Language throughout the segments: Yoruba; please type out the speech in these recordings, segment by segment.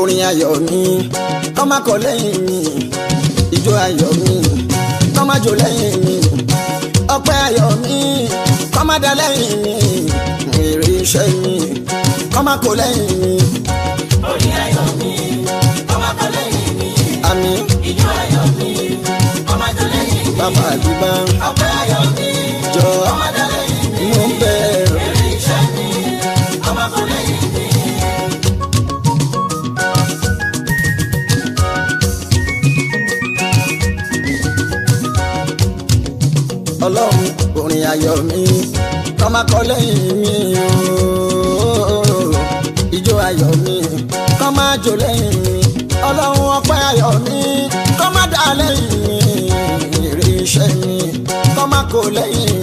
orin ayọ̀ mi tọ́mà kọ lẹ́yìn mi ìjó ayọ̀ mi tọ́mà jó lẹ́yìn mi ọpẹ́ ayọ̀ mi kọ́mà dá lẹ́yìn mi èrè iṣẹ́ mi kọ́mà kọ lẹ́yìn mi. orin ayọ̀ mi tọ́mà kọ lẹ́yìn mi ìjó ayọ̀ mi kọ́mà jó lẹ́yìn mi. bàbá àdìbá. ọlọ́run orin ayọ̀ mi kọ́mákọ́ lẹ́yìn mi ijó ayọ̀ mi kọ́májó lẹ́yìn mi ọlọ́run ọpẹ́ ayọ̀ mi kọ́mádà lẹ́yìn mi èrè iṣẹ́ mi kọ́mákọ́ lẹ́yìn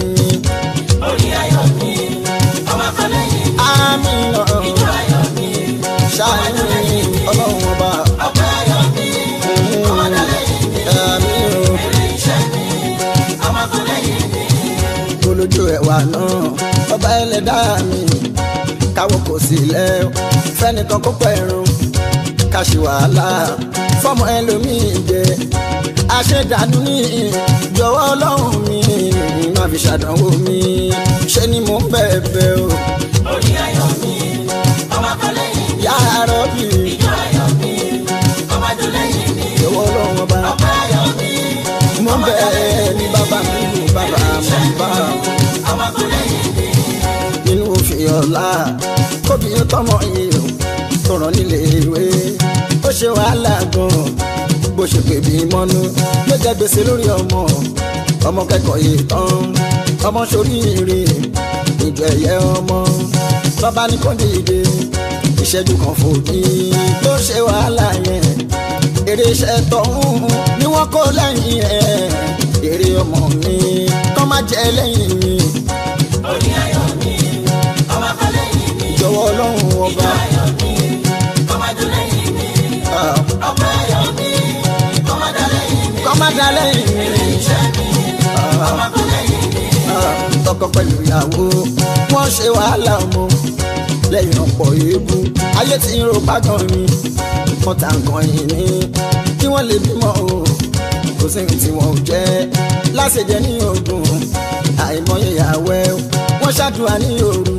wà náà ọba ẹlẹ́dàá mi káwọ́ kò sí lẹ́ fẹ́nìkan kó pẹ̀rùn ká ṣe wàhálà fọ́mọ ẹlòmíì jẹ àṣẹdànù ní jọ̀wọ́ ọlọ́run mi má fi ṣàdánwò mi ṣe ni mò ń bẹ̀bẹ̀ o. ọ̀la kóbìnrin tọmọ yìí o sọ̀rọ̀ nílé ìwé ó ṣe wàhálà gan-an bó ṣe pè bí mọ́nú ló jẹ́ gbèsè lórí ọmọ ọmọ kẹ́kọ̀ọ́ yìí tán ọmọ ṣoríire ìjọ ẹ̀yẹ ọmọ lọ́ba ní kó dìde ìṣẹ́jú kan fòdì tó ṣe wàhálà yẹn èrè iṣẹ́ tọ̀hún ni wọ́n kó lẹ́yìn ẹ̀ èrè ọmọ mi kọ́ má jẹ́ lẹ́yìn mi. ó jọ̀wọ́ ọlọ́run ọba. kọ́mádà lẹ́yìn mi. tọkọ pẹ̀lú ìyàwó wọ́n ṣe wàhálà ọmọ lẹ́yìn ọ̀pọ̀ eégún ayé ti ń ro bágan mi wọ́n ta nǹkan yìí ní kí wọ́n lè bímọ o kò sí ní tí wọ́n ò jẹ́ láṣẹjẹ ní ogun àìmọye ìyàwó ẹ̀ wọ́n ṣàdúrà ní òru.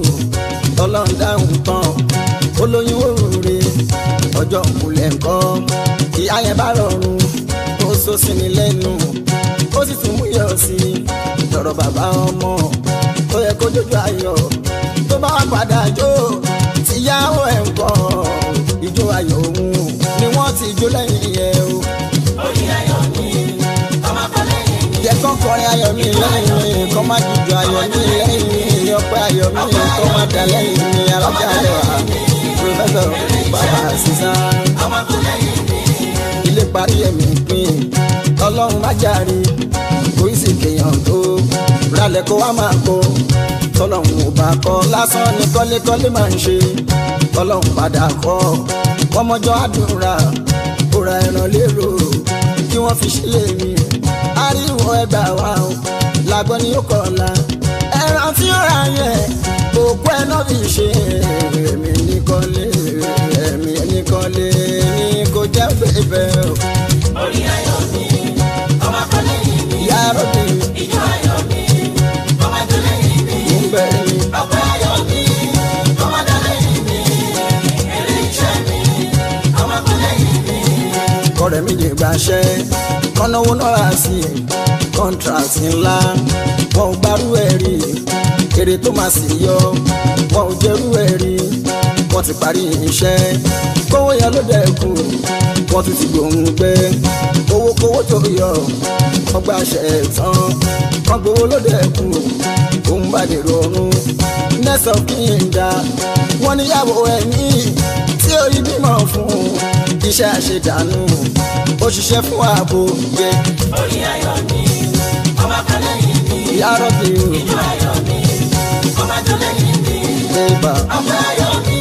ọ̀rọ̀ bàbá ọmọ tó yẹ kó jójú ayọ̀ tó bá padà jó tìyàwó ẹ̀ ń kọ́ ìjó ayọ̀ òun ni wọ́n ti jó lẹ́yìn ẹ̀ o. oyin ayọ̀ mi ọmọ kọ́ lẹ́yìn mi. jẹ́ kán ayọ̀ mi lẹ́yìn mi kán má jùjọ ayọ̀ mi lẹ́yìn mi ọpẹ́ ayọ̀ mi kán má dà lẹ́yìn mi alájà lẹ́wà pírọfẹ́sọ̀ bàbá sísan. ilé parí ẹ̀mí pín ọlọ́run má járe kò sì kéèyàn tó ralẹ̀ kó wá máa kó tọ́lọ́hún ò bá kọ́ lásán ni kọ́lékọ́lé máa ń ṣe tọ́lọ́hún padà kọ́ kọ́mọjọ́ àdúrà ó ra lérò kí wọ́n fi ṣe mi ariwo ẹgbà wa o làgbọ́n ni ó kọ̀ ọ̀la ẹran tí ó ra yẹn òkú ẹ̀ náà fi ṣe é. àṣẹ kọ́náwó náírà sí kọ́ńtrátì ńlá wọn ò gbárù ẹ̀ rí èrè tó máa sì yọ wọn ò jẹ́rú ẹ̀ rí wọn ti parí iṣẹ́ kówó yẹn ló dẹ́kù wọn tún ti gbòòrùn gbé owó kówó tó yọ wọn gba àṣẹ tán wọn gbowó ló dẹ́kù òun bá lè rọrùn nẹ́sàn kí n dá wọn níyàwó ẹ̀ ní tí ó rí bímọ fún un kì í ṣe àṣedànù ó ṣiṣẹ́ fún ààbò yẹ. orí ayọ̀ mi ọba kan lẹ́yìn mi yàrá mi o ìjọ ayọ̀ mi ọba jọ lẹ́yìn mi ọba ayọ̀ mi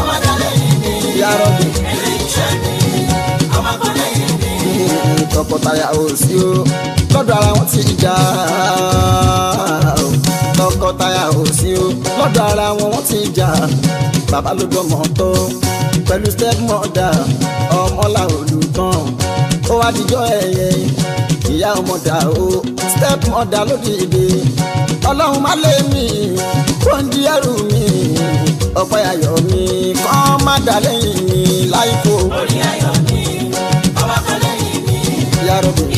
ọba jọ lẹ́yìn mi yàrá mi ẹ̀rọ iṣẹ́ mi ọba kan lẹ́yìn mi. tọkọtaya ò sí o lọ́dọ̀ ara wọn ti jà tọkọtaya ò sí o lọ́dọ̀ ara wọn ti jà bàbá ló dọ́mọ tó pẹ̀lú stepmother ọmọlá olùtàn ó wá dijọ́ ẹ̀yẹ ìyá ọmọdà o stepmother ló dìde ọlọ́run má lé mi kó ń di ẹrù mi ọ̀pẹ ayọ̀ mi kàn má dà lẹ́yìn mi láìpò. orí ayọ̀ mi ọba kan lẹ́yìn mi. yàrá mi.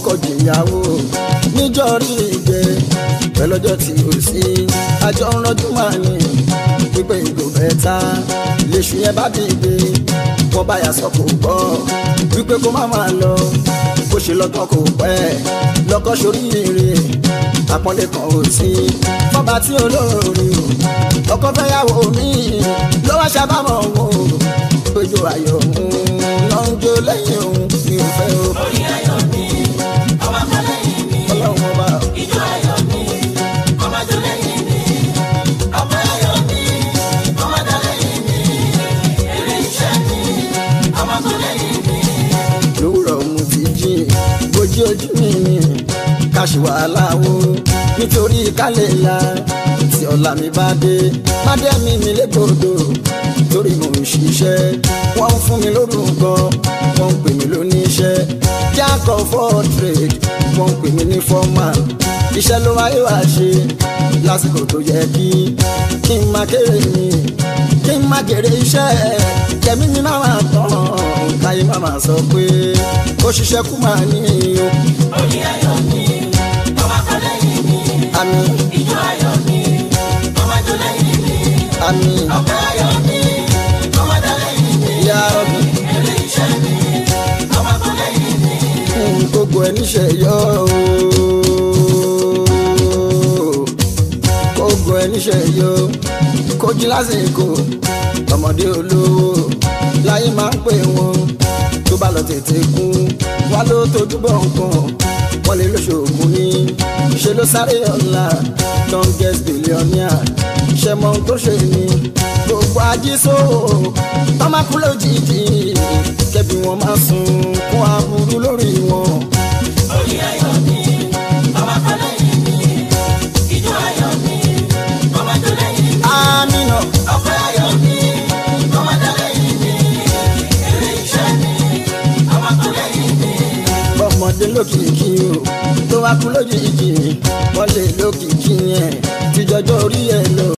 ọkọ jìyàwó níjọ́rí ìgbẹ́ pẹ̀lọ́jọ́ tí o sí àjọ rọjú máa ní pípé ìgò bẹ́ta lèṣù yẹn bá dìde wọ́n bá yà sọ kò gbọ́ wípé kó má máa lọ bó ṣe lọ́gbọ́n kò pẹ́ lọ́kọ́ sórí ire àpọ́nlé kan ò sí fọ́ba tí olóore ọkọ fẹ́yàwó mi ló wá ṣàbámọ̀ wò péjọ ayọ̀ ń lọ́njọ́ lẹ́yìn ṣe wàhálà o nítorí kálẹ̀ ìlà tí ọ̀la mi bá dé má dé mi mi légbodò torí mo ń ṣiṣẹ́ wọ́n ń fún mi lórúkọ wọ́n ń pè mí lóníṣẹ́ jack of all trade wọ́n ń pè mí ní formal iṣẹ́ ló wáyé wá ṣe lásìkò tó yẹ kí kí n má kéré mi kí n má kéré iṣẹ́ kẹ̀mí mi má máa tán káyé má máa sọ pé ó ṣiṣẹ́ kú máa ní iyo àmín. ìjọ ayọ̀ mi ọmọ tó lẹ́yìn mi. àmín. ọ̀gá ayọ̀ mi ọmọ tó lẹ́yìn mi. Ya Rabbi. èrè iṣẹ́ mi ọmọ tó lẹ́yìn mi. gbogbo ẹ̀ níṣẹ́ yọ ooo. gbogbo ẹ̀ níṣẹ́ yọ kojú lásìkò ọmọdé olówó láyé máa ń pè wọn tó bá lọ tètè kú wá ló tó dúbọ̀ nǹkan wọlé lóṣogùn ní ṣe ló sáré ọ̀la youngest billionaire ṣe mọ ohun tó ṣe ni gbogbo ajísó tọ́mákú lójijì kẹ́bí wọn máa sùn kún aburú lórí wọn. bá kú lójijì wọ́n lókìkí yẹn tíjọjọ́ orí ẹ̀